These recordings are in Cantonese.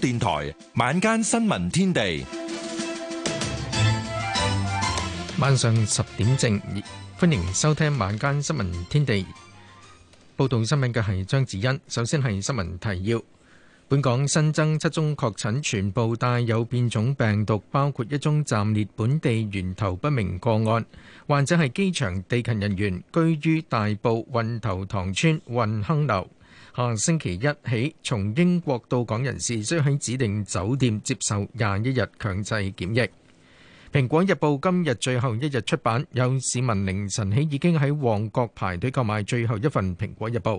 電台晚間新聞天地，晚上十點正，歡迎收聽晚間新聞天地。報道新聞嘅係張子欣。首先係新聞提要：本港新增七宗確診，全部帶有變種病毒，包括一宗暫列本地源頭不明個案，患者係機場地勤人員，居於大埔運頭塘村運亨樓。下星期一起，從英國到港人士需喺指定酒店接受廿一日強制檢疫。《蘋果日報》今日最後一日出版，有市民凌晨起已經喺旺角排隊購買最後一份《蘋果日報》。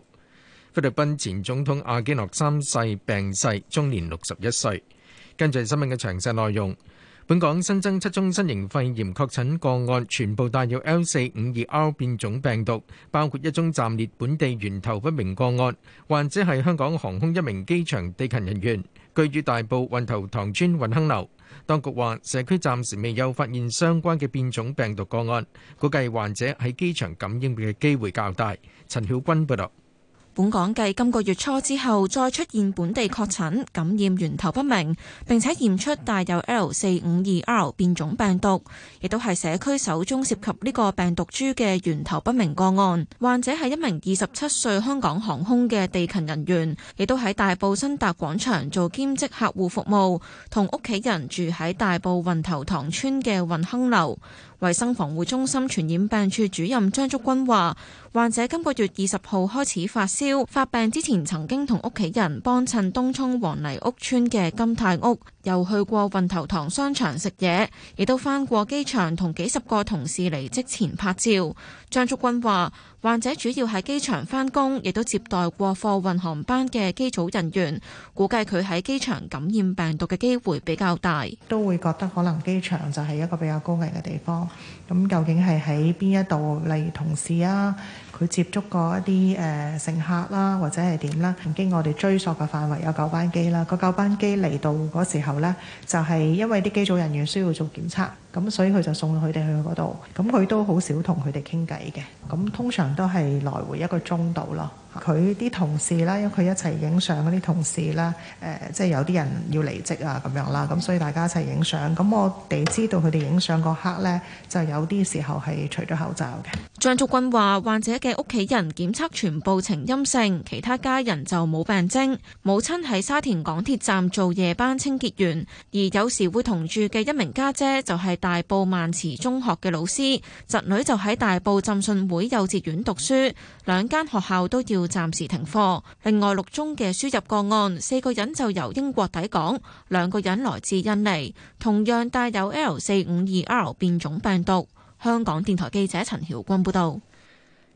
菲律賓前總統阿基諾三世病逝，終年六十一歲。跟住新聞嘅詳細內容。本港新增七宗新型肺炎確診個案，全部帶有 L 四五二 R 變種病毒，包括一宗暫列本地源頭不明個案，患者係香港航空一名機場地勤人員，居於大埔運頭塘村運亨樓。當局話社區暫時未有發現相關嘅變種病毒個案，估計患者喺機場感染嘅機會較大。陳曉君報導。本港繼今個月初之後，再出現本地確診感染源頭不明，並且驗出帶有 L452R 變種病毒，亦都係社區首宗涉及呢個病毒株嘅源頭不明個案。患者係一名二十七歲香港航空嘅地勤人員，亦都喺大埔新達廣場做兼職客戶服務，同屋企人住喺大埔運頭塘村嘅運亨樓。衛生防護中心傳染病處主任張竹君話，患者今個月二十號開始發燒，發病之前曾經同屋企人幫襯東涌黃泥屋村嘅金泰屋，又去過運頭塘商場食嘢，亦都返過機場同幾十個同事離職前拍照。張竹君話。患者主要喺機場返工，亦都接待過貨運航班嘅機組人員，估計佢喺機場感染病毒嘅機會比較大，都會覺得可能機場就係一個比較高危嘅地方。咁究竟係喺邊一度？例如同事啊。佢接觸過一啲誒、呃、乘客啦，或者係點啦。曾經過我哋追索嘅範圍有九班機啦，個九班機嚟到嗰時候咧，就係、是、因為啲機組人員需要做檢測，咁所以佢就送佢哋去嗰度。咁佢都好少同佢哋傾偈嘅，咁通常都係來回一個鐘度咯。佢啲同事啦，因為佢一齊影相嗰啲同事啦，誒、呃、即係有啲人要離職啊咁樣啦，咁所以大家一齊影相。咁我哋知道佢哋影相嗰刻咧，就有啲時候係除咗口罩嘅。張竹君話患者嘅屋企人檢測全部呈陰性，其他家人就冇病徵，母親喺沙田港鐵站做夜班清潔員，而有時會同住嘅一名家姐，姐就係大埔萬慈中學嘅老師，侄女就喺大埔浸信會幼稚園讀書，兩間學校都要。暫時停課。另外六宗嘅輸入個案，四個人就由英國抵港，兩個人來自印尼，同樣帶有 L 四五二 R 變種病毒。香港電台記者陳曉君報道。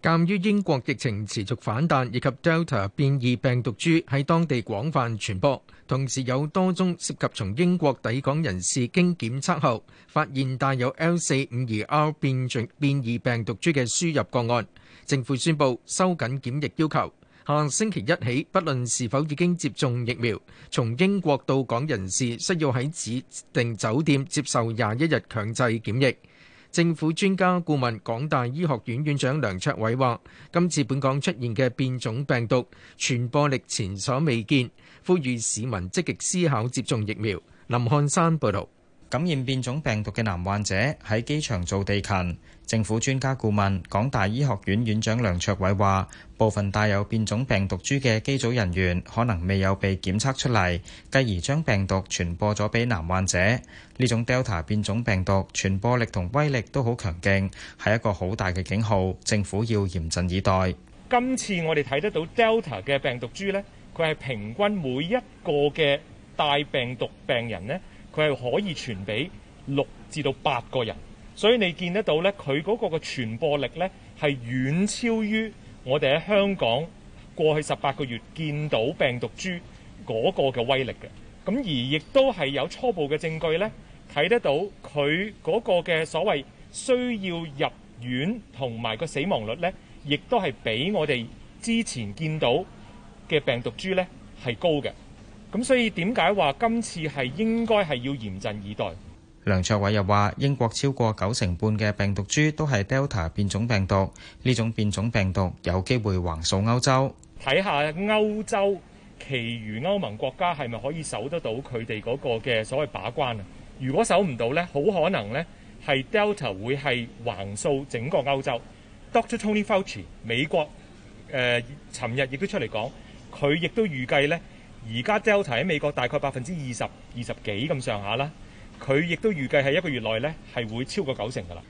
鑒於英國疫情持續反彈，以及 Delta 變異病毒株喺當地廣泛傳播，同時有多宗涉及從英國抵港人士經檢測後，發現帶有 L 四五二 R 變種變異病毒株嘅輸入個案。政府宣布收緊檢疫要求，下星期一起，不論是否已經接種疫苗，從英國到港人士需要喺指定酒店接受廿一日強制檢疫。政府專家顧問、港大醫學院院長梁卓偉話：今次本港出現嘅變種病毒傳播力前所未見，呼籲市民積極思考接種疫苗。林漢山報道。感染變種病毒嘅男患者喺機場做地勤。政府專家顧問、港大醫學院院長梁卓偉話，部分帶有變種病毒株嘅機組人員可能未有被檢測出嚟，繼而將病毒傳播咗俾男患者。呢種 Delta 變種病毒傳播力同威力都好強勁，係一個好大嘅警號。政府要嚴陣以待。今次我哋睇得到 Delta 嘅病毒株呢，佢係平均每一個嘅帶病毒病人咧。佢係可以傳俾六至到八個人，所以你見得到咧，佢嗰個嘅傳播力咧係遠超於我哋喺香港過去十八個月見到病毒株嗰個嘅威力嘅。咁而亦都係有初步嘅證據咧，睇得到佢嗰個嘅所謂需要入院同埋個死亡率咧，亦都係比我哋之前見到嘅病毒株咧係高嘅。咁所以點解話今次係應該係要嚴陣以待？梁卓偉又話：英國超過九成半嘅病毒株都係 Delta 變種病毒，呢種變種病毒有機會橫掃歐洲。睇下歐洲，其餘歐盟國家係咪可以守得到佢哋嗰個嘅所謂把關啊？如果守唔到呢，好可能呢係 Delta 會係橫掃整個歐洲。Doctor Tony Fauci 美國誒，尋日亦都出嚟講，佢亦都預計呢。而家 Delta 喺美國大概百分之二十、二十幾咁上下啦，佢亦都預計係一個月內咧係會超過九成噶啦。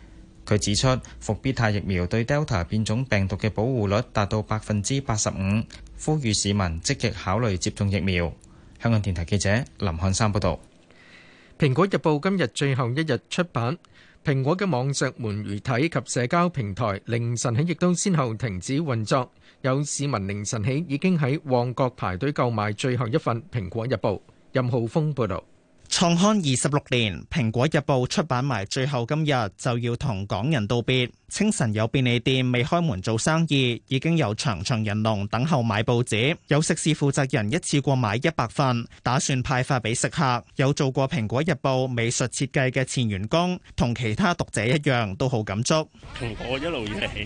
佢指出，復必泰疫苗對 Delta 變種病毒嘅保護率達到百分之八十五，呼籲市民積極考慮接種疫苗。香港電台記者林漢山報道。蘋果日報今日最後一日出版，蘋果嘅網上門媒體及社交平台凌晨起亦都先後停止運作。有市民凌晨起已經喺旺角排隊購買最後一份《蘋果日報》。任浩峯報導，創刊二十六年，《蘋果日報》出版埋最後今日就要同港人道別。清晨有便利店未開門做生意，已經有長長人龍等候買報紙。有食肆負責人一次過買一百份，打算派發俾食客。有做過《蘋果日報》美術設計嘅前員工，同其他讀者一樣，都好感觸。同我一路以嚟。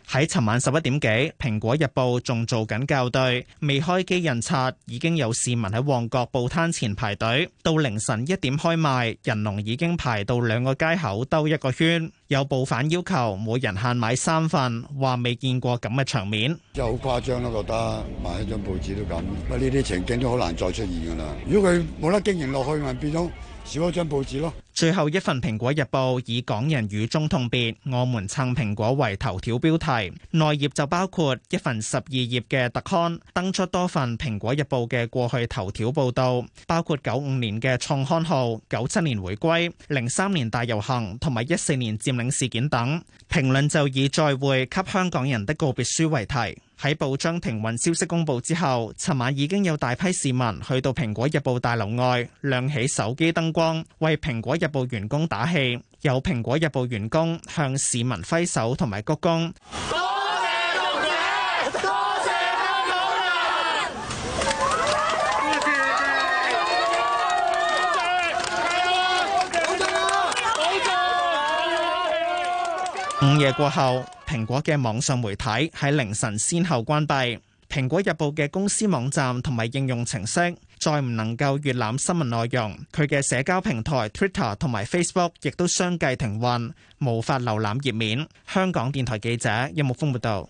喺尋晚十一點幾，蘋果日報仲做緊校對，未開機印刷已經有市民喺旺角報攤前排隊。到凌晨一點開賣，人龍已經排到兩個街口兜一個圈。有報販要求每人限買三份，話未見過咁嘅場面，真係好誇張咯！覺得買一張報紙都咁，乜呢啲情景都好難再出現㗎啦。如果佢冇得經營落去，咪變咗。少咗張報紙咯。最後一份《蘋果日報》以港人雨中痛別，我們撐蘋果為頭條標題。內頁就包括一份十二頁嘅特刊，登出多份《蘋果日報》嘅過去頭條報導，包括九五年嘅創刊號、九七年回歸、零三年大遊行同埋一四年佔領事件等。評論就以再會給香港人的告別書為題。喺報章停運消息公布之後，尋晚已經有大批市民去到蘋果日報大樓外，亮起手機燈光，為蘋果日報員工打氣，有蘋果日報員工向市民揮手同埋鞠躬。午夜過後，蘋果嘅網上媒體喺凌晨先後關閉。蘋果日報嘅公司網站同埋應用程式，再唔能夠閲覽新聞內容。佢嘅社交平台 Twitter 同埋 Facebook 亦都相繼停運，無法瀏覽頁面。香港電台記者任木風報道。有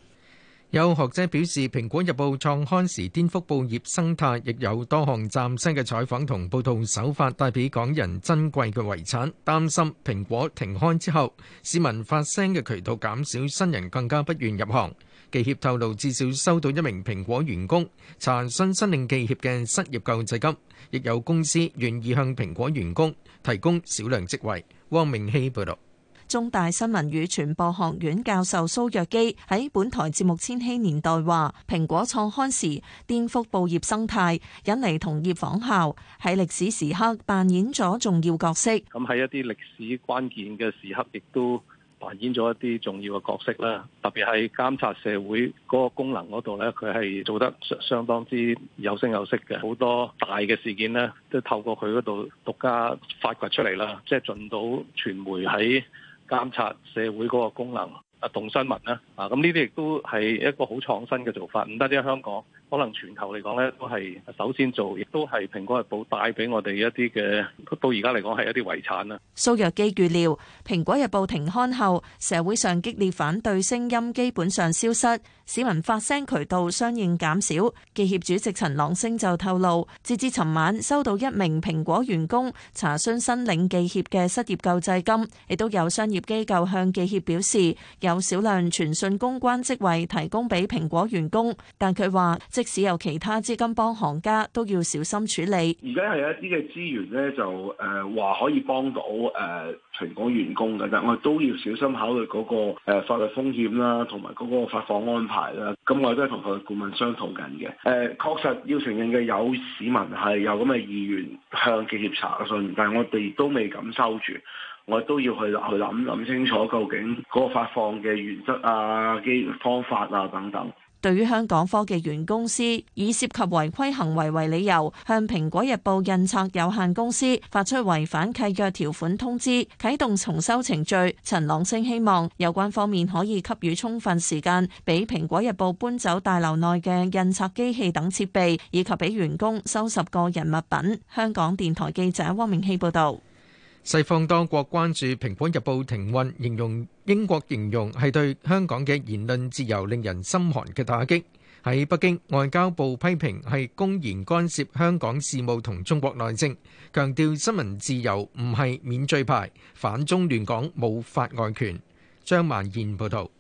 有學者表示，蘋果日報創刊時顛覆報業生態，亦有多項嶄新嘅採訪同報道手法，帶俾港人珍貴嘅遺產。擔心蘋果停刊之後，市民發聲嘅渠道減少，新人更加不願入行。記協透露，至少收到一名蘋果員工查詢申領記協嘅失業救濟金，亦有公司願意向蘋果員工提供少量職位。汪明希報道。中大新聞與傳播學院教授蘇若基喺本台節目《千禧年代》話，蘋果創刊時顛覆報業生態，引嚟同業仿效，喺歷史時刻扮演咗重要角色。咁喺一啲歷史關鍵嘅時刻，亦都扮演咗一啲重要嘅角色啦。特別係監察社會嗰個功能嗰度咧，佢係做得相相當之有聲有色嘅。好多大嘅事件咧，都透過佢嗰度獨家發掘出嚟啦，即係盡到傳媒喺。監察社會嗰個功能啊，動新聞啦啊，咁呢啲亦都係一個好創新嘅做法，唔單止喺香港。可能全球嚟講咧，都係首先做，亦都係《蘋果日報》帶俾我哋一啲嘅到而家嚟講係一啲遺產啦。蘇若基預料，《蘋果日報》停刊後，社會上激烈反對聲音基本上消失，市民發聲渠道相應減少。記協主席陳朗升就透露，截至尋晚收到一名蘋果員工查詢申領記協嘅失業救濟金，亦都有商業機構向記協表示有少量傳訊公關職位提供俾蘋果員工，但佢話。即使有其他資金幫行家，都要小心處理。而家係有一啲嘅資源咧，就誒話可以幫到誒全港員工嘅，但我都要小心考慮嗰個法律風險啦，同埋嗰個發放安排啦。咁我都係同法律顧問商討緊嘅。誒，確實要承認嘅有市民係有咁嘅意願向企業查詢，但係我哋都未敢收住，我都要去去諗諗清楚，究竟嗰個發放嘅原則啊、機方法啊等等。對於香港科技園公司以涉及違規行為為理由，向《蘋果日報》印刷有限公司發出違反契約條款通知，啟動重修程序。陳朗升希望有關方面可以給予充分時間，俾《蘋果日報》搬走大樓內嘅印刷機器等設備，以及俾員工收拾個人物品。香港電台記者汪明熙報導。西方多國關注《蘋果日報》停運，形容英國形容係對香港嘅言論自由令人心寒嘅打擊。喺北京，外交部批評係公然干涉香港事務同中國內政，強調新聞自由唔係免罪牌，反中亂港冇法外權。張曼燕報道。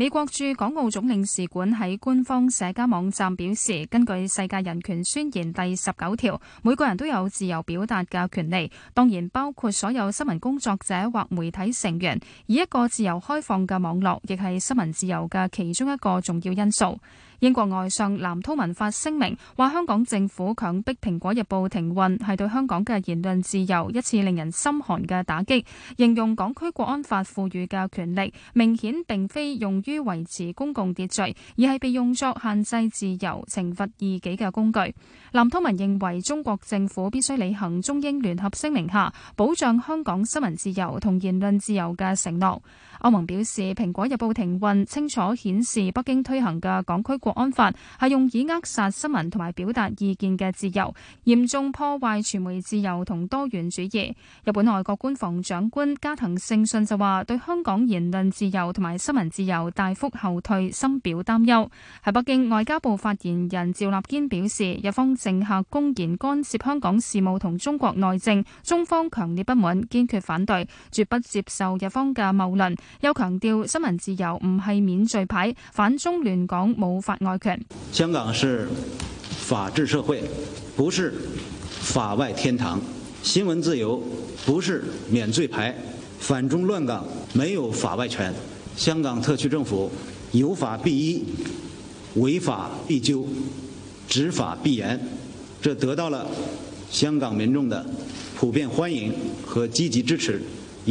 美國駐港澳總領事館喺官方社交網站表示，根據世界人權宣言第十九條，每個人都有自由表達嘅權利，當然包括所有新聞工作者或媒體成員。以一個自由開放嘅網絡，亦係新聞自由嘅其中一個重要因素。英國外相藍韜文發聲明，話香港政府強迫蘋果日報停運，係對香港嘅言論自由一次令人心寒嘅打擊，形容港區國安法賦予嘅權力，明顯並非用於維持公共秩序，而係被用作限制自由，懲罰異己嘅工具。藍韜文認為中國政府必須履行中英聯合聲明下，保障香港新聞自由同言論自由嘅承諾。歐盟表示，《蘋果日報》停運清楚顯示北京推行嘅港區國安法係用以扼殺新聞同埋表達意見嘅自由，嚴重破壞傳媒自由同多元主義。日本外國官房長官加藤勝信就話：對香港言論自由同埋新聞自由大幅後退，深表擔憂。喺北京外交部發言人趙立堅表示：日方政客公然干涉香港事務同中國內政，中方強烈不滿，堅決反對，絕不接受日方嘅謬論。又強調新聞自由唔係免罪牌，反中亂港冇法外權。香港是法治社會，不是法外天堂。新聞自由不是免罪牌，反中亂港沒有法外權。香港特區政府有法必依，違法必究，執法必嚴，這得到了香港民眾的普遍歡迎和積極支持。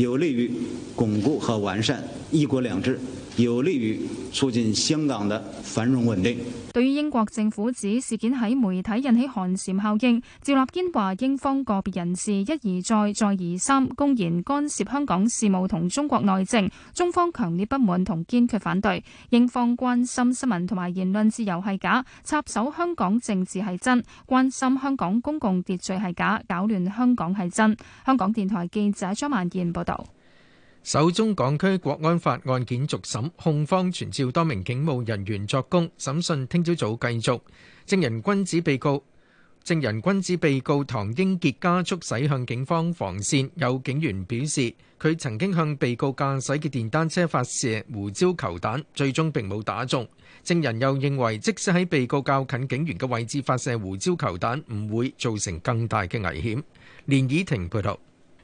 有利於鞏固和完善“一國兩制”。有利於促進香港的繁榮穩定。對於英國政府指事件喺媒體引起寒蟬效應，趙立堅話英方個別人士一而再、再而三公然干涉香港事務同中國內政，中方強烈不滿同堅決反對，英方關心新聞同埋言論自由係假，插手香港政治係真，關心香港公共秩序係假，搞亂香港係真。香港電台記者張萬燕報道。首宗港區國安法案件續審，控方傳召多名警務人員作供，審訊聽朝早繼續。證人均指被告，證人均指被告唐英傑加速駛向警方防線，有警員表示佢曾經向被告駕駛嘅電單車發射胡椒球彈，最終並冇打中。證人又認為，即使喺被告較近警員嘅位置發射胡椒球彈，唔會造成更大嘅危險。連倚婷報導。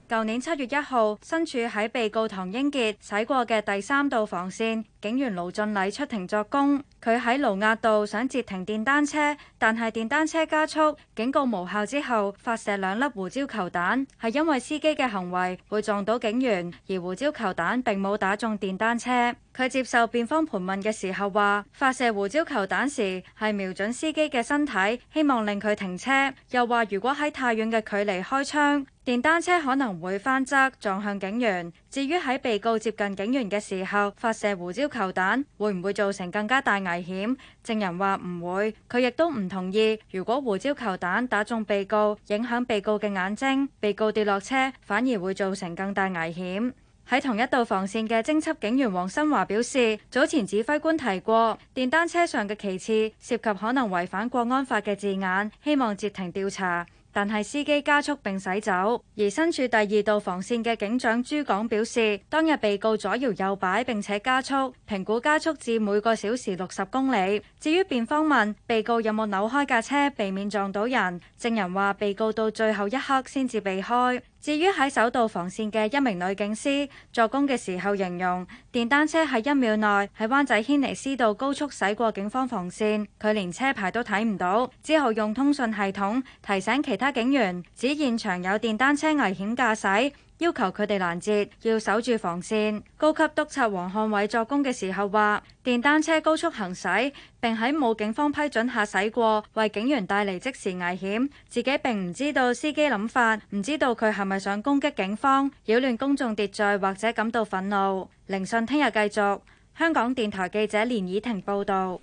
舊年七月一號，身處喺被告唐英傑駛過嘅第三道防線，警員盧俊禮出庭作供。佢喺盧押道想截停電單車，但係電單車加速，警告無效之後，發射兩粒胡椒球彈，係因為司機嘅行為會撞到警員，而胡椒球彈並冇打中電單車。佢接受辯方盤問嘅時候話，發射胡椒球彈時係瞄準司機嘅身體，希望令佢停車。又話如果喺太遠嘅距離開槍，電單車可能會翻側撞向警員。至於喺被告接近警員嘅時候發射胡椒球彈，會唔會造成更加大危險？證人話唔會，佢亦都唔同意。如果胡椒球彈打中被告，影響被告嘅眼睛，被告跌落車反而會造成更大危險。喺同一道防線嘅偵緝警員黃新華表示，早前指揮官提過電單車上嘅旗幟涉及可能違反國安法嘅字眼，希望截停調查，但係司機加速並駛走。而身處第二道防線嘅警長朱港表示，當日被告左搖右擺並且加速，評估加速至每個小時六十公里。至於辯方問被告有冇扭開架車避免撞到人，證人話被告到最後一刻先至避開。至於喺首道防線嘅一名女警司，作供嘅時候形容電單車喺一秒內喺灣仔軒尼詩道高速駛過警方防線，佢連車牌都睇唔到，之後用通訊系統提醒其他警員，指現場有電單車危險駕駛。要求佢哋攔截，要守住防線。高級督察黃漢偉作供嘅時候話，電單車高速行駛，並喺冇警方批准下駛過，為警員帶嚟即時危險。自己並唔知道司機諗法，唔知道佢係咪想攻擊警方、擾亂公眾秩序或者感到憤怒。聆訊聽日繼續。香港電台記者連綺婷報道。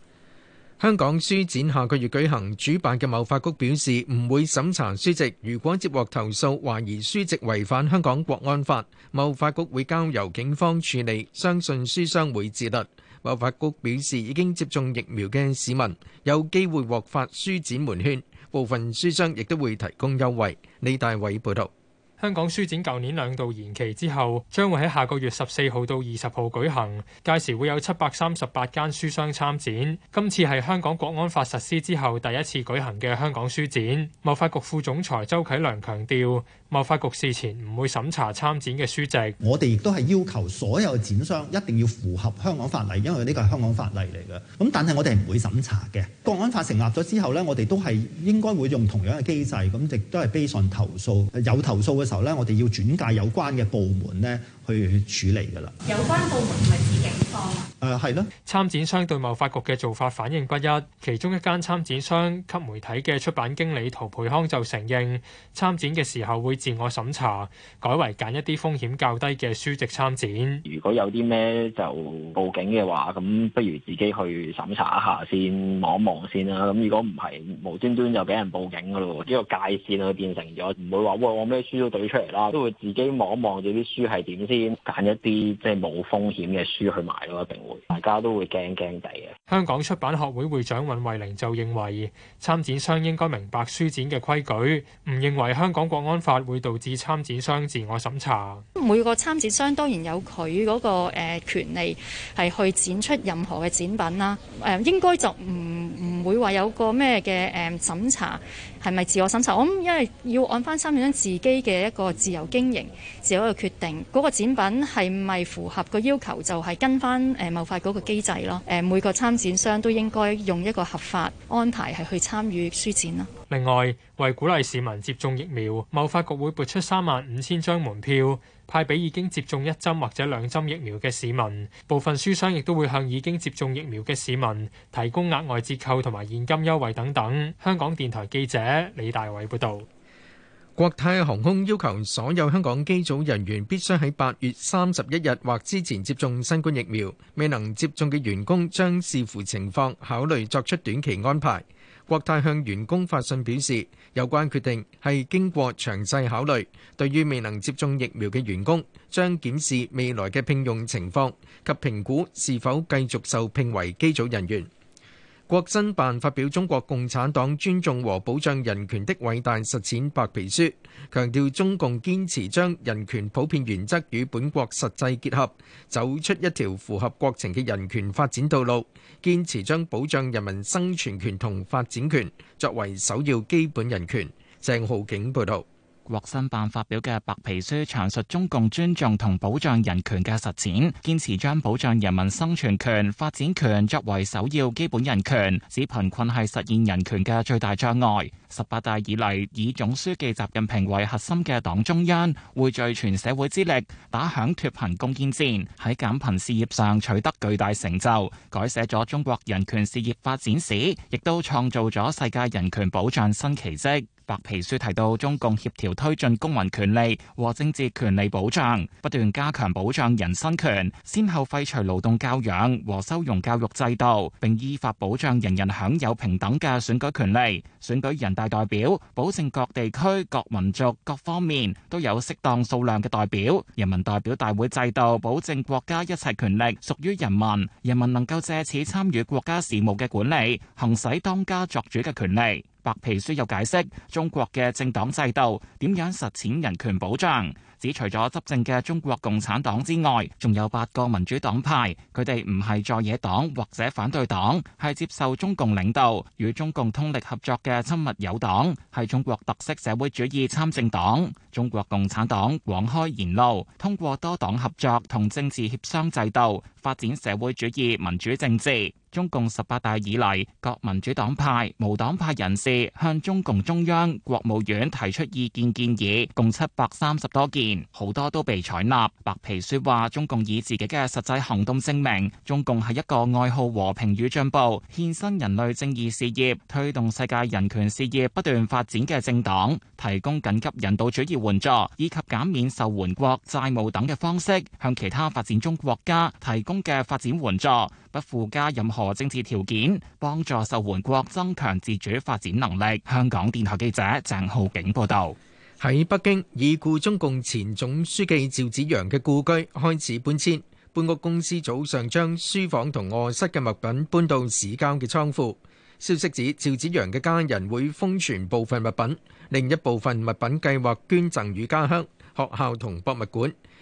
香港書展下個月舉行，主辦嘅貿發局表示唔會審查書籍。如果接獲投訴，懷疑書籍違反香港國安法，貿發局會交由警方處理。相信書商會自律。貿發局表示，已經接種疫苗嘅市民有機會獲發書展門券，部分書商亦都會提供優惠。李大偉報道。香港書展舊年兩度延期之後，將會喺下個月十四號到二十號舉行，屆時會有七百三十八間書商參展。今次係香港國安法實施之後第一次舉行嘅香港書展。貿發局副總裁周啟良強調。貿發局事前唔會審查參展嘅書籍，我哋亦都係要求所有展商一定要符合香港法例，因為呢個係香港法例嚟嘅。咁但係我哋唔會審查嘅。國安法成立咗之後呢，我哋都係應該會用同樣嘅機制，咁亦都係 based on 投訴。有投訴嘅時候呢，我哋要轉介有關嘅部門呢去處理噶啦。有關部門唔係自己。誒，係咯、嗯。參展商對貿發局嘅做法反應不一，其中一間參展商給媒體嘅出版經理陶培康就承認，參展嘅時候會自我審查，改為揀一啲風險較低嘅書籍參展。如果有啲咩就報警嘅話，咁不如自己去審查一下先，望一望先啦。咁如果唔係無端端就俾人報警噶咯，呢個界線啊變成咗，唔會話哇我咩書都懟出嚟啦，都會自己望一望，就啲書係點先，揀一啲即係冇風險嘅書去買。一定會，大家都會驚驚地嘅。香港出版學會會長尹慧玲就認為參展商應該明白書展嘅規矩，唔認為香港國安法會導致參展商自我審查。每個參展商當然有佢嗰個誒權利係去展出任何嘅展品啦，誒應該就唔唔會話有個咩嘅誒審查。係咪自我審查？我諗因為要按翻參展商自己嘅一個自由經營、自由嘅決定，嗰、那個展品係咪符合個要求，就係、是、跟翻誒、呃、貿發局個機制咯。誒、呃、每個參展商都應該用一個合法安排係去參與書展咯。另外，為鼓勵市民接種疫苗，貿發局會撥出三萬五千張門票派俾已經接種一針或者兩針疫苗嘅市民。部分書商亦都會向已經接種疫苗嘅市民提供額外折扣同埋現金優惠等等。香港電台記者李大偉報導。國泰航空要求所有香港機組人員必須喺八月三十一日或之前接種新冠疫苗，未能接種嘅員工將視乎情況考慮作出短期安排。國泰向員工發信表示，有關決定係經過詳細考慮。對於未能接種疫苗嘅員工，將檢視未來嘅聘用情況及評估是否繼續受聘為機組人員。國新辦發表中國共產黨尊重和保障人權的偉大實踐白皮書,強調中共堅持將人權普遍原則與本國實際結合,走出一條符合國情嘅人權發展道路,堅持將保障人民生存權同發展權作為首要基本人權。鄭浩景報導。獲新辦發表嘅白皮書闡述中共尊重同保障人權嘅實踐，堅持將保障人民生存權、發展權作為首要基本人權，指貧困係實現人權嘅最大障礙。十八大以嚟，以總書記習近平為核心嘅黨中央匯聚全社會之力，打響脫貧攻堅戰，喺減貧事業上取得巨大成就，改寫咗中國人權事業發展史，亦都創造咗世界人權保障新奇蹟。白皮書提到，中共協調推進公民權利和政治權利保障，不斷加強保障人身權，先後廢除勞動教養和收容教育制度，並依法保障人人享有平等嘅選舉權利。選舉人大代表，保證各地區、各民族各方面都有適當數量嘅代表。人民代表大會制度保證國家一切權力屬於人民，人民能夠借此參與國家事務嘅管理，行使當家作主嘅權利。白皮書又解釋中國嘅政黨制度點樣實踐人權保障，指除咗執政嘅中國共產黨之外，仲有八個民主黨派，佢哋唔係在野黨或者反對黨，係接受中共領導與中共通力合作嘅親密友黨，係中國特色社會主義參政黨。中國共產黨廣開言路，通過多黨合作同政治協商制度。發展社會主義民主政治。中共十八大以嚟，各民主黨派、無黨派人士向中共中央、國務院提出意見建議共七百三十多件，好多都被採納。白皮書話，中共以自己嘅實際行動證明，中共係一個愛好和平與進步、獻身人類正義事業、推動世界人權事業不斷發展嘅政黨，提供緊急人道主義援助以及減免受援國債務等嘅方式，向其他發展中國家提。嘅發展援助，不附加任何政治條件，幫助受援國增強自主發展能力。香港電台記者鄭浩景報道，喺北京，已故中共前總書記趙紫陽嘅故居開始搬遷。搬屋公司早上將書房同臥室嘅物品搬到市郊嘅倉庫。消息指，趙紫陽嘅家人會封存部分物品，另一部分物品計劃捐贈予家鄉學校同博物館。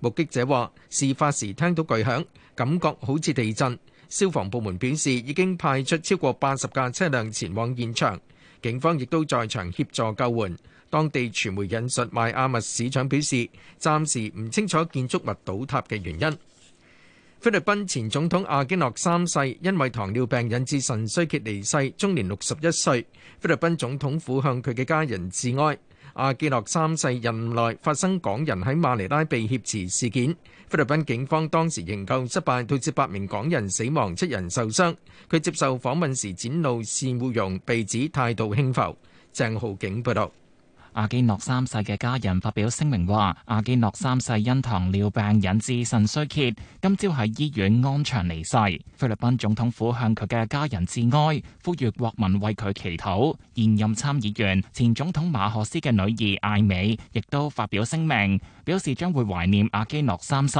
目擊者話：事發時聽到巨響，感覺好似地震。消防部門表示已經派出超過八十架車輛前往現場，警方亦都在場協助救援。當地傳媒引述邁阿密市長表示，暫時唔清楚建築物倒塌嘅原因。菲律賓前總統阿基諾三世因為糖尿病引致腎衰竭離世，終年六十一歲。菲律賓總統府向佢嘅家人致哀。阿基諾三世任內發生港人喺馬尼拉被挾持事件，菲律賓警方當時營救失敗，導致八名港人死亡，七人受傷。佢接受訪問時展露善惡容，被指態度輕浮。鄭浩景報道。阿基諾三世嘅家人發表聲明話，阿基諾三世因糖尿病引致腎衰竭，今朝喺醫院安詳離世。菲律賓總統府向佢嘅家人致哀，呼籲國民為佢祈禱。現任參議員、前總統馬可斯嘅女兒艾美亦都發表聲明，表示將會懷念阿基諾三世。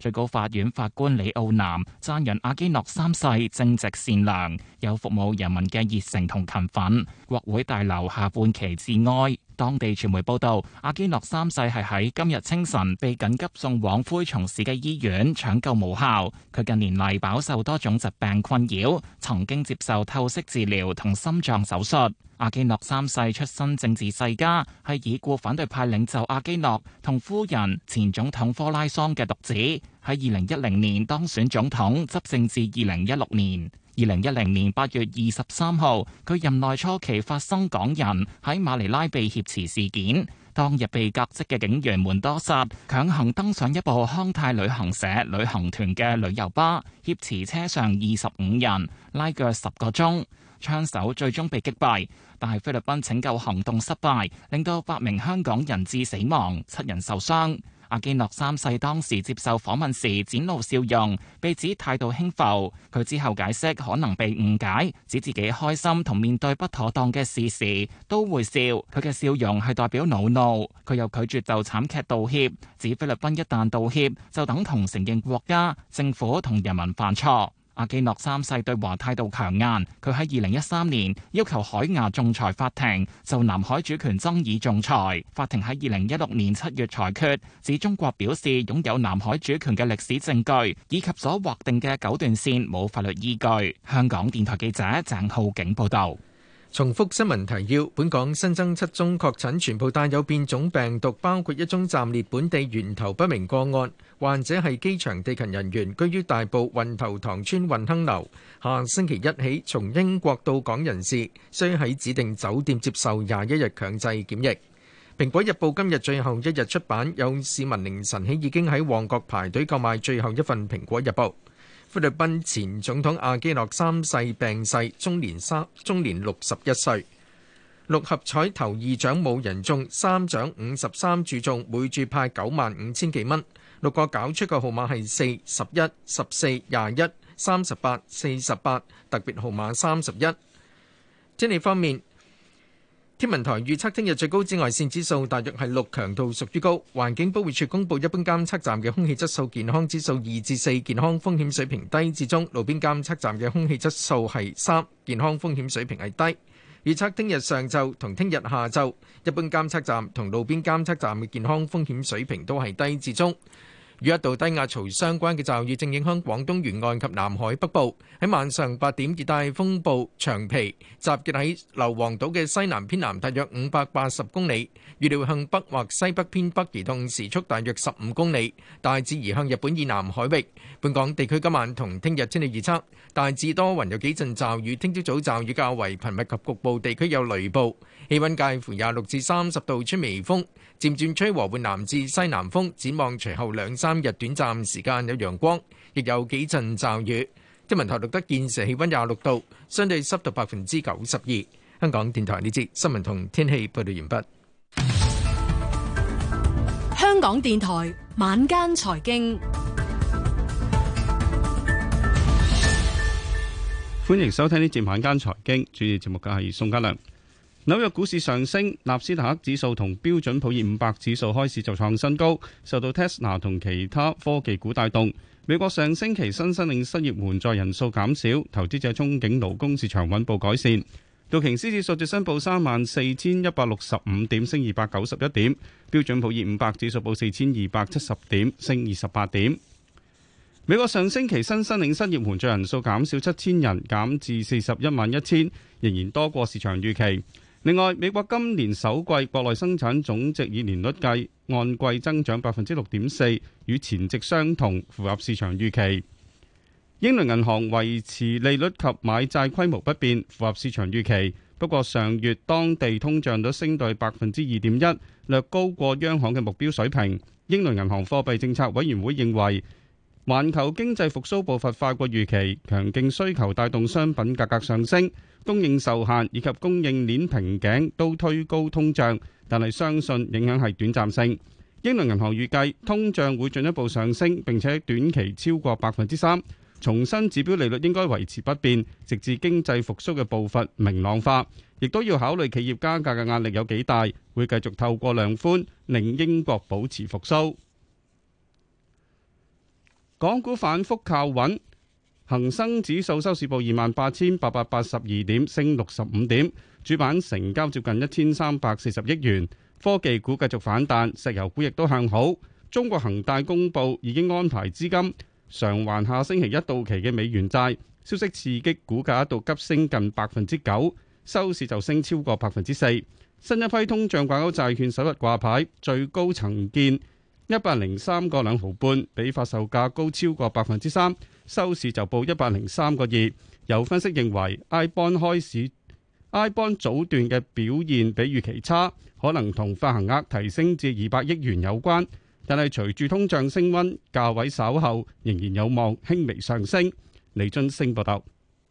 最高法院法官李奧南讚揚阿基諾三世正直善良，有服務人民嘅熱誠同勤奮。國會大樓下半旗致哀。當地傳媒報導，阿基諾三世係喺今日清晨被緊急送往灰松市嘅醫院搶救無效。佢近年嚟飽受多種疾病困擾，曾經接受透析治療同心臟手術。阿基諾三世出身政治世家，係已故反對派領袖阿基諾同夫人前總統科拉桑嘅獨子。喺二零一零年當選總統，執政至二零一六年。二零一零年八月二十三號，佢任內初期發生港人喺馬尼拉被挾持事件，當日被革職嘅警員門多薩，強行登上一部康泰旅行社旅行團嘅旅遊巴，挾持車上二十五人，拉鋸十個鐘，槍手最終被擊敗，但係菲律賓拯救行動失敗，令到八名香港人質死亡，七人受傷。阿基諾三世當時接受訪問時展露笑容，被指態度輕浮。佢之後解釋可能被誤解，指自己開心同面對不妥當嘅事時都會笑。佢嘅笑容係代表惱怒，怒。佢又拒絕就慘劇道歉，指菲律賓一旦道歉就等同承認國家、政府同人民犯錯。阿基諾三世對華態度強硬，佢喺二零一三年要求海牙仲裁法庭就南海主權爭議仲裁。法庭喺二零一六年七月裁決，指中國表示擁有南海主權嘅歷史證據，以及所劃定嘅九段線冇法律依據。香港電台記者鄭浩景報道。重複新聞提要：本港新增七宗確診，全部帶有變種病毒，包括一宗暫列本地源頭不明個案。患者係機場地勤人員，居於大埔運頭塘村運亨樓。下星期一起，從英國到港人士需喺指定酒店接受廿一日強制檢疫。蘋果日報今日最後一日出版，有市民凌晨起已經喺旺角排隊購買最後一份蘋果日報。菲律賓前總統阿基諾三世病逝，終年三，終年六十一歲。六合彩頭二獎冇人中，三獎五十三注中，每注派九萬五千幾蚊。六個搞出嘅號碼係四、十一、十四、廿一、三十八、四十八，特別號碼三十一。天氣方面。天文台預測聽日最高紫外線指數大約係六，強度屬於高。環境保護署公布一般監測站嘅空氣質素健康指數二至四，健康風險水平低至中；路邊監測站嘅空氣質素係三，健康風險水平係低。預測聽日上晝同聽日下晝，一般監測站同路邊監測站嘅健康風險水平都係低至中。與一道低壓槽相關嘅驟雨正影響廣東沿岸及南海北部。喺晚上八點，熱帶風暴長皮集結喺硫磺島嘅西南偏南，大約五百八十公里，預料向北或西北偏北移動，時速大約十五公里，大致移向日本以南海域。本港地區今晚同聽日天氣預測大致多雲，有幾陣驟雨，聽朝早驟雨較為頻密及局部地區有雷暴，氣温介乎廿六至三十度，吹微風。漸漸吹和緩南至西南風，展望隨後兩三日短暫時間有陽光，亦有幾陣驟雨。天文台錄得現時氣温廿六度，相對濕度百分之九十二。香港電台呢節新聞同天氣報道完畢。香港電台晚間財經，歡迎收聽呢節晚間財經，主持節目嘅係宋家良。紐約股市上升，納斯達克指數同標準普爾五百指數開始就創新高，受到 Tesla 同其他科技股帶動。美國上星期新申領失業援助人數減少，投資者憧憬勞工市場穩步改善。道瓊斯指數至申報三萬四千一百六十五點，升二百九十一點；標準普爾五百指數報四千二百七十點，升二十八點。美國上星期新申領失業援助人數減少七千人，減至四十一萬一千，仍然多過市場預期。另外，美國今年首季國內生產總值以年率計，按季增長百分之六點四，與前值相同，符合市場預期。英倫銀行維持利率及買債規模不變，符合市場預期。不過，上月當地通脹率升到百分之二點一，略高過央行嘅目標水平。英倫銀行貨幣政策委員會認為，環球經濟復蘇步伐快過預期，強勁需求帶動商品價格上升，供應受限以及供應鏈瓶頸都推高通脹，但係相信影響係短暫性。英倫銀行預計通脹會進一步上升，並且短期超過百分之三。重申指標利率應該維持不變，直至經濟復蘇嘅步伐明朗化，亦都要考慮企業加價嘅壓力有幾大，會繼續透過量寬令英國保持復蘇。港股反復靠穩，恆生指數收市報二萬八千八百八十二點，升六十五點，主板成交接近一千三百四十億元。科技股繼續反彈，石油股亦都向好。中國恒大公布已經安排資金償還下星期一到期嘅美元債，消息刺激股價一度急升近百分之九，收市就升超過百分之四。新一批通脹掛鈎債券首日掛牌，最高曾見。一百零三個兩毫半，25，比發售價高超過百分之三，收市就報一百零三個二。有分析認為，iBond 開始 iBond 早段嘅表現比預期差，可能同發行額提升至二百億元有關。但係隨住通脹升温，價位稍後仍然有望輕微上升。李俊升報道。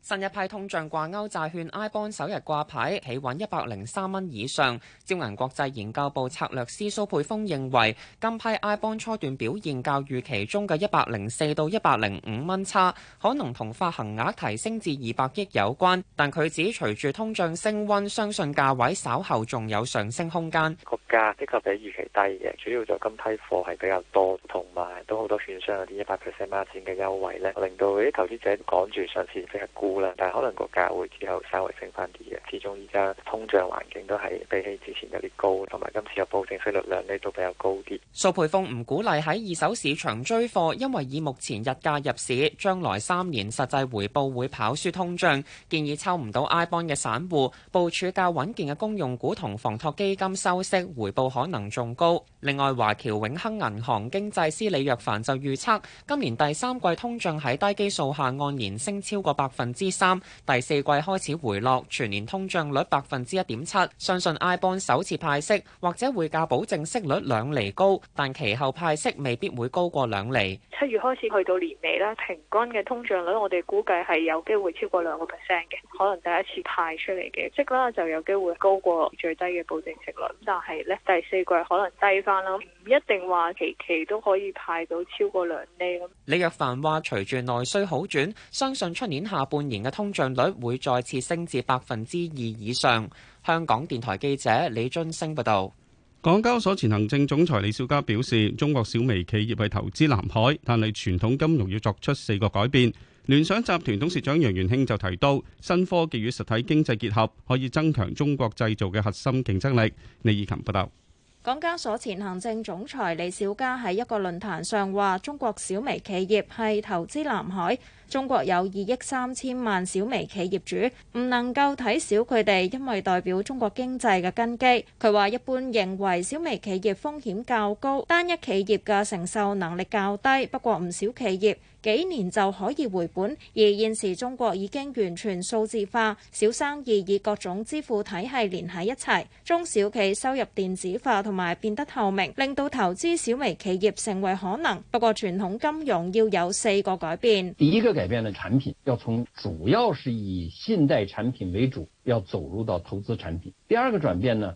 新一批通脹掛鈎債券 I Bond 首日掛牌企穩一百零三蚊以上，招銀國際研究部策略師蘇佩峰認為，今批 I Bond 初段表現較預期中嘅一百零四到一百零五蚊差，可能同發行額提升至二百億有關。但佢指隨住通脹升溫，相信價位稍後仲有上升空間。個價的確比預期低嘅，主要就今批貨係比較多，同埋都好多券商有啲一百 percent 孖展嘅優惠咧，令到啲投資者趕住上市即係沽。但係可能個價會之後稍微升翻啲嘅，始終依家通脹環境都係比起之前有啲高，同埋今次嘅保證息率量咧都比較高啲。蘇培峯唔鼓勵喺二手市場追貨，因為以目前日價入市，將來三年實際回報會跑輸通脹。建議抽唔到 iBond 嘅散戶，部署較穩健嘅公用股同房託基金收息，回報可能仲高。另外，華僑永亨銀行經濟師李若凡就預測，今年第三季通脹喺低基數下按年升超過百分之三第四季開始回落，全年通脹率百分之一點七。相信 iBond 首次派息或者會較保證息率兩厘高，但其後派息未必會高過兩厘。七月開始去到年尾咧，平均嘅通脹率我哋估計係有機會超過兩個 percent 嘅，可能第一次派出嚟嘅，即啦就有機會高過最低嘅保證息率。但係咧第四季可能低翻啦，唔一定話期期都可以派到超過兩厘咁。李若凡話：隨住內需好轉，相信出年下半年嘅通脹率會再次升至百分之二以上。香港電台記者李津升報道。港交所前行政總裁李小加表示，中國小微企業係投資南海，但係傳統金融要作出四個改變。聯想集團董事長楊元慶就提到，新科技與實體經濟結合，可以增強中國製造嘅核心競爭力。李以琴報道。港交所前行政總裁李小加喺一個論壇上話，中國小微企業係投資南海。中國有二億三千萬小微企業主，唔能夠睇小佢哋，因為代表中國經濟嘅根基。佢話：一般認為小微企業風險較高，單一企業嘅承受能力較低。不過唔少企業幾年就可以回本。而現時中國已經完全數字化，小生意以各種支付體系連喺一齊，中小企收入電子化同埋變得透明，令到投資小微企業成為可能。不過傳統金融要有四個改變。這個改變了產品要從主要是以信貸產品為主，要走入到投資產品。第二個轉變呢？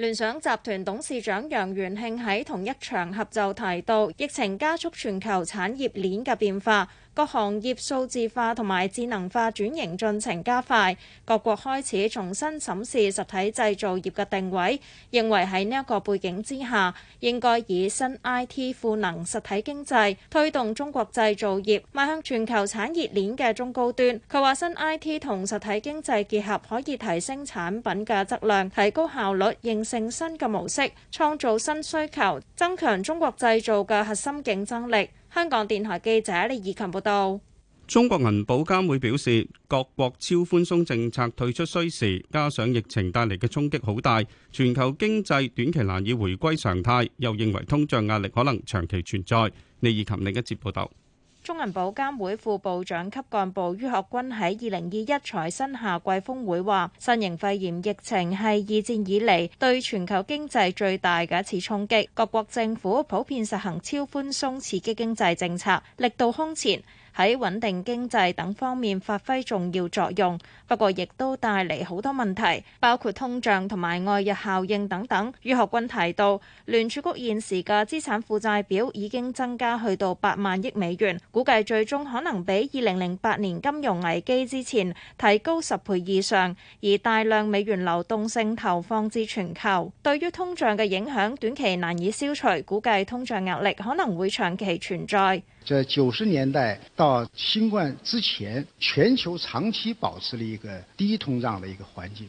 聯想集團董事長楊元慶喺同一場合就提到，疫情加速全球產業鏈嘅變化。各行業數字化同埋智能化轉型進程加快，各國開始重新審視實體製造業嘅定位，認為喺呢一個背景之下，應該以新 IT 賦能實體經濟推動中國製造業邁向全球產業鏈嘅中高端。佢話新 IT 同實體經濟結合，可以提升產品嘅質量，提高效率，形成新嘅模式，創造新需求，增強中國製造嘅核心競爭力。香港電台記者李以勤報道：中國銀保監會表示，各國超寬鬆政策退出需時，加上疫情帶嚟嘅衝擊好大，全球經濟短期難以回歸常態。又認為通脹壓力可能長期存在。李以勤另一節報道。中銀保監會副部長級幹部于學軍喺二零二一財新夏季峰會話：新型肺炎疫情係二戰以嚟對全球經濟最大嘅一次衝擊，各國政府普遍實行超寬鬆刺激經濟政策，力度空前，喺穩定經濟等方面發揮重要作用，不過亦都帶嚟好多問題，包括通脹同埋外溢效應等等。於學軍提到，聯儲局現時嘅資產負債表已經增加去到八萬億美元，估計最終可能比二零零八年金融危機之前提高十倍以上，而大量美元流動性投放至全球，對於通脹嘅影響短期難以消除，估計通脹壓力可能會長期存在。在九十年代到新冠之前，全球長期保持了一個低通脹的一個環境。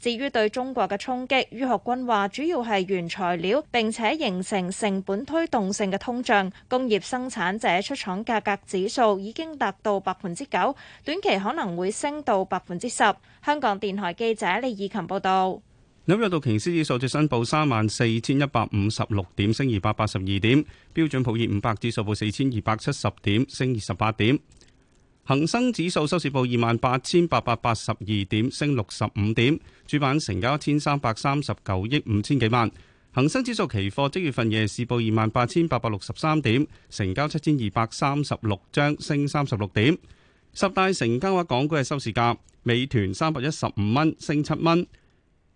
至於對中國嘅衝擊，於學軍話主要係原材料，並且形成成本推動性嘅通脹。工業生產者出廠價格指數已經達到百分之九，短期可能會升到百分之十。香港電台記者李以琴報道。紐約道瓊斯指數最新報三萬四千一百五十六點，升二百八十二點。標準普爾五百指數報四千二百七十點，升二十八點。恒生指數收市報二萬八千八百八十二點，升六十五點。主板成交一千三百三十九億五千幾萬。恒生指數期貨即月份夜市報二萬八千八百六十三點，成交七千二百三十六張，升三十六點。十大成交額港股嘅收市價：美團三百一十五蚊，升七蚊；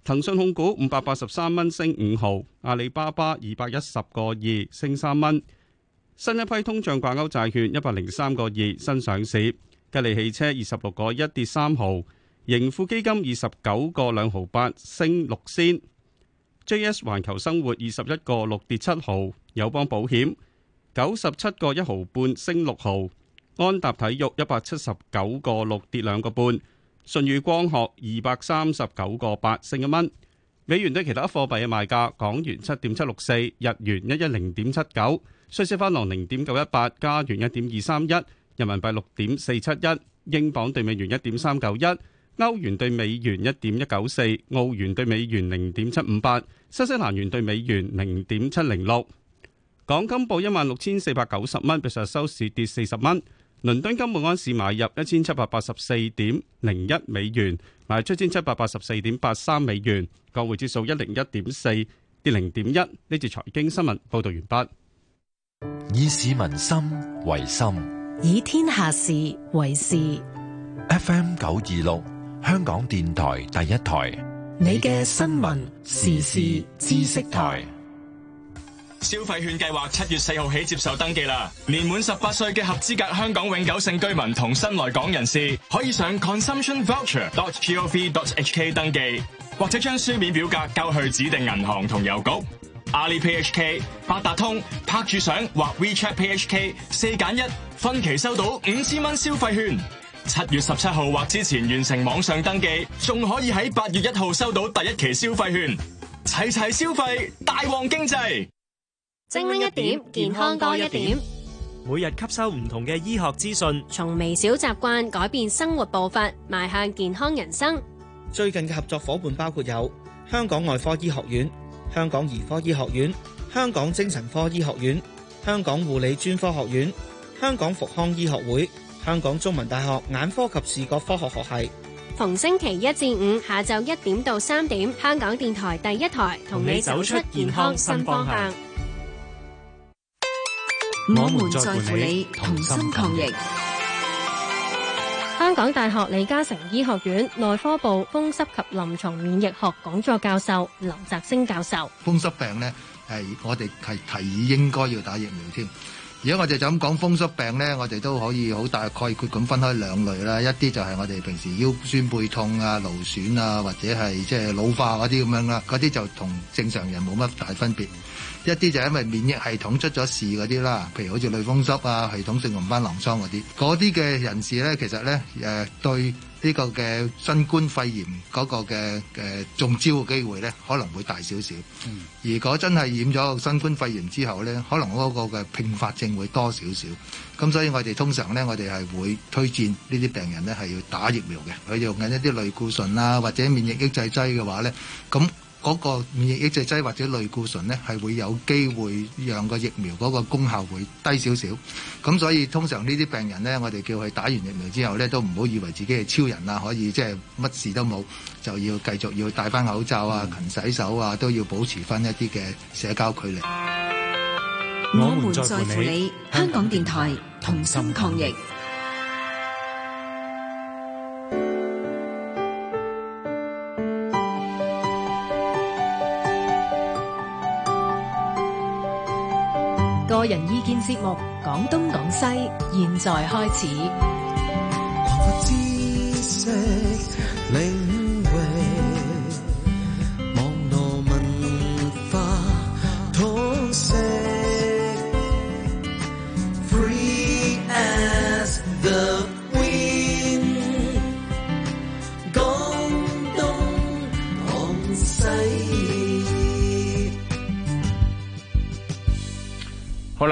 騰訊控股五百八十三蚊，升五毫；阿里巴巴二百一十個二，升三蚊。新一批通脹掛鈎債券一百零三個二新上市，吉利汽車二十六個一跌三毫，盈富基金二十九個兩毫八升六仙，J.S. 環球生活二十一個六跌七毫，友邦保險九十七個一毫半升六毫，安踏體育一百七十九個六跌兩個半，順宇光學二百三十九個八升一蚊，美元對其他貨幣嘅賣價，港元七點七六四，日元一一零點七九。瑞士法郎零點九一八，加元一點二三一，人民幣六點四七一，英鎊兌美元一點三九一，歐元兌美元一點一九四，澳元兌美元零點七五八，新西蘭元兌美元零點七零六。港金報一萬六千四百九十蚊，比上日收市跌四十蚊。倫敦金每盎司買入一千七百八十四點零一美元，賣出一千七百八十四點八三美元，港匯指數一零一點四，跌零點一。呢次財經新聞報道完畢。以市民心為心，以天下事為事。FM 九二六，香港電台第一台，你嘅新聞時事知識台。消費券計劃七月四號起接受登記啦，年滿十八歲嘅合資格香港永久性居民同新來港人士，可以上 consumptionvoucher.gov.hk 登記，或者將書面表格交去指定銀行同郵局。阿里 Pay HK、八達通拍住賞或 WeChat Pay HK 四揀一，1, 分期收到五千蚊消費券。七月十七號或之前完成網上登記，仲可以喺八月一號收到第一期消費券。齊齊消費，大旺經濟。精靈一點，健康多一點。每日吸收唔同嘅醫學資訊，從微小習慣改變生活步伐，邁向健康人生。最近嘅合作夥伴包括有香港外科醫學院。香港兒科醫學院、香港精神科醫學院、香港護理專科學院、香港復康醫學會、香港中文大學眼科及視覺科學學系，逢星期一至五下晝一點到三點，香港電台第一台同你走出健康新方向。方向，我們在乎你，同心抗疫。香港大學李嘉誠醫學院內科部風濕及臨床免疫學講座教授劉澤星教授：風濕病咧，誒，我哋係提議應該要打疫苗添。如果我哋就咁講風濕病咧，我哋都可以好大概括咁分開兩類啦。一啲就係我哋平時腰酸背痛啊、勞損啊，或者係即係老化嗰啲咁樣啦，嗰啲就同正常人冇乜大分別。一啲就因為免疫系統出咗事嗰啲啦，譬如好似類風濕啊、系統性紅斑狼瘡嗰啲，嗰啲嘅人士咧，其實咧，誒、呃、對呢個嘅新冠肺炎嗰個嘅誒中招嘅機會咧，可能會大少少。嗯，如果真係染咗新冠肺炎之後咧，可能嗰個嘅併發症會多少少。咁所以我哋通常咧，我哋係會推薦呢啲病人咧係要打疫苗嘅。佢用緊一啲類固醇啊或者免疫抑制劑嘅話咧，咁。嗰個免疫抑制劑或者類固醇咧，係會有機會讓個疫苗嗰個功效會低少少。咁所以通常呢啲病人咧，我哋叫佢打完疫苗之後咧，都唔好以為自己係超人啊，可以即係乜事都冇，就要繼續要戴翻口罩啊、勤洗手啊，都要保持翻一啲嘅社交距離。我們在乎你，香港電台同心抗疫。節目《講東講西》現在開始。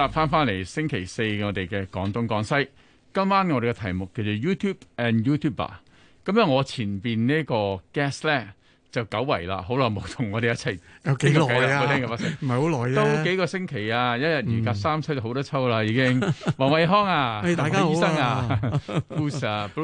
搭翻翻嚟星期四我哋嘅廣東廣西，今晚我哋嘅題目叫做 YouTube and YouTuber、嗯。咁因為我前邊呢個 guest 咧就久違啦，好耐冇同我哋一齊。有幾耐啊？唔係好耐啊？都幾個星期啊？一日如隔三秋咗好多秋啦，嗯、已經。黃偉康啊、 哎，大家好、啊，醫生 啊 b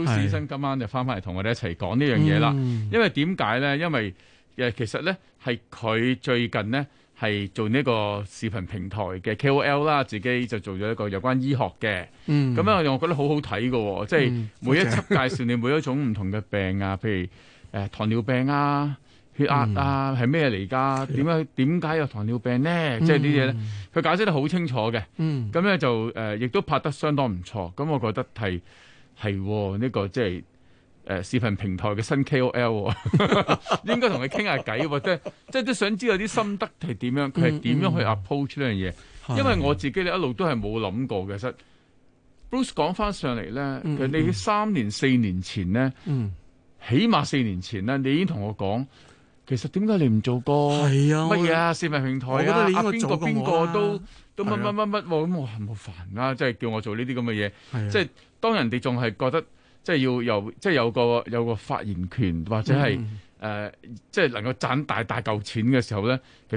Bruce 醫生，今晚就翻翻嚟同我哋一齊講、嗯、呢樣嘢啦。因為點解咧？因為誒其實咧係佢最近咧。係做呢一個視頻平台嘅 KOL 啦，自己就做咗一個有關醫學嘅，咁咧、嗯、我覺得好好睇㗎，即係每一輯介紹你每一種唔同嘅病啊， 譬如誒、呃、糖尿病啊、血壓啊係咩嚟噶？點樣，點解有糖尿病咧？即係、嗯、呢啲嘢咧，佢解釋得好清楚嘅，咁咧、嗯、就誒亦、呃、都拍得相當唔錯，咁我覺得係係呢個即係。誒視頻平台嘅新 KOL，應該同佢傾下偈，即係即係都想知道啲心得係點樣，佢係點樣去 approach 呢樣嘢。因為我自己咧一路都係冇諗過嘅。其實 Bruce 講翻上嚟咧，你三年四年前咧，起碼四年前啦，你已經同我講，其實點解你唔做過？係啊，乜嘢啊視頻平台啊你邊個邊個都都乜乜乜乜，咁我話冇煩啦，即係叫我做呢啲咁嘅嘢，即係當人哋仲係覺得。即係要有，即係有個，有個發言權，或者係誒、嗯呃，即係能夠賺大大嚿錢嘅時候咧。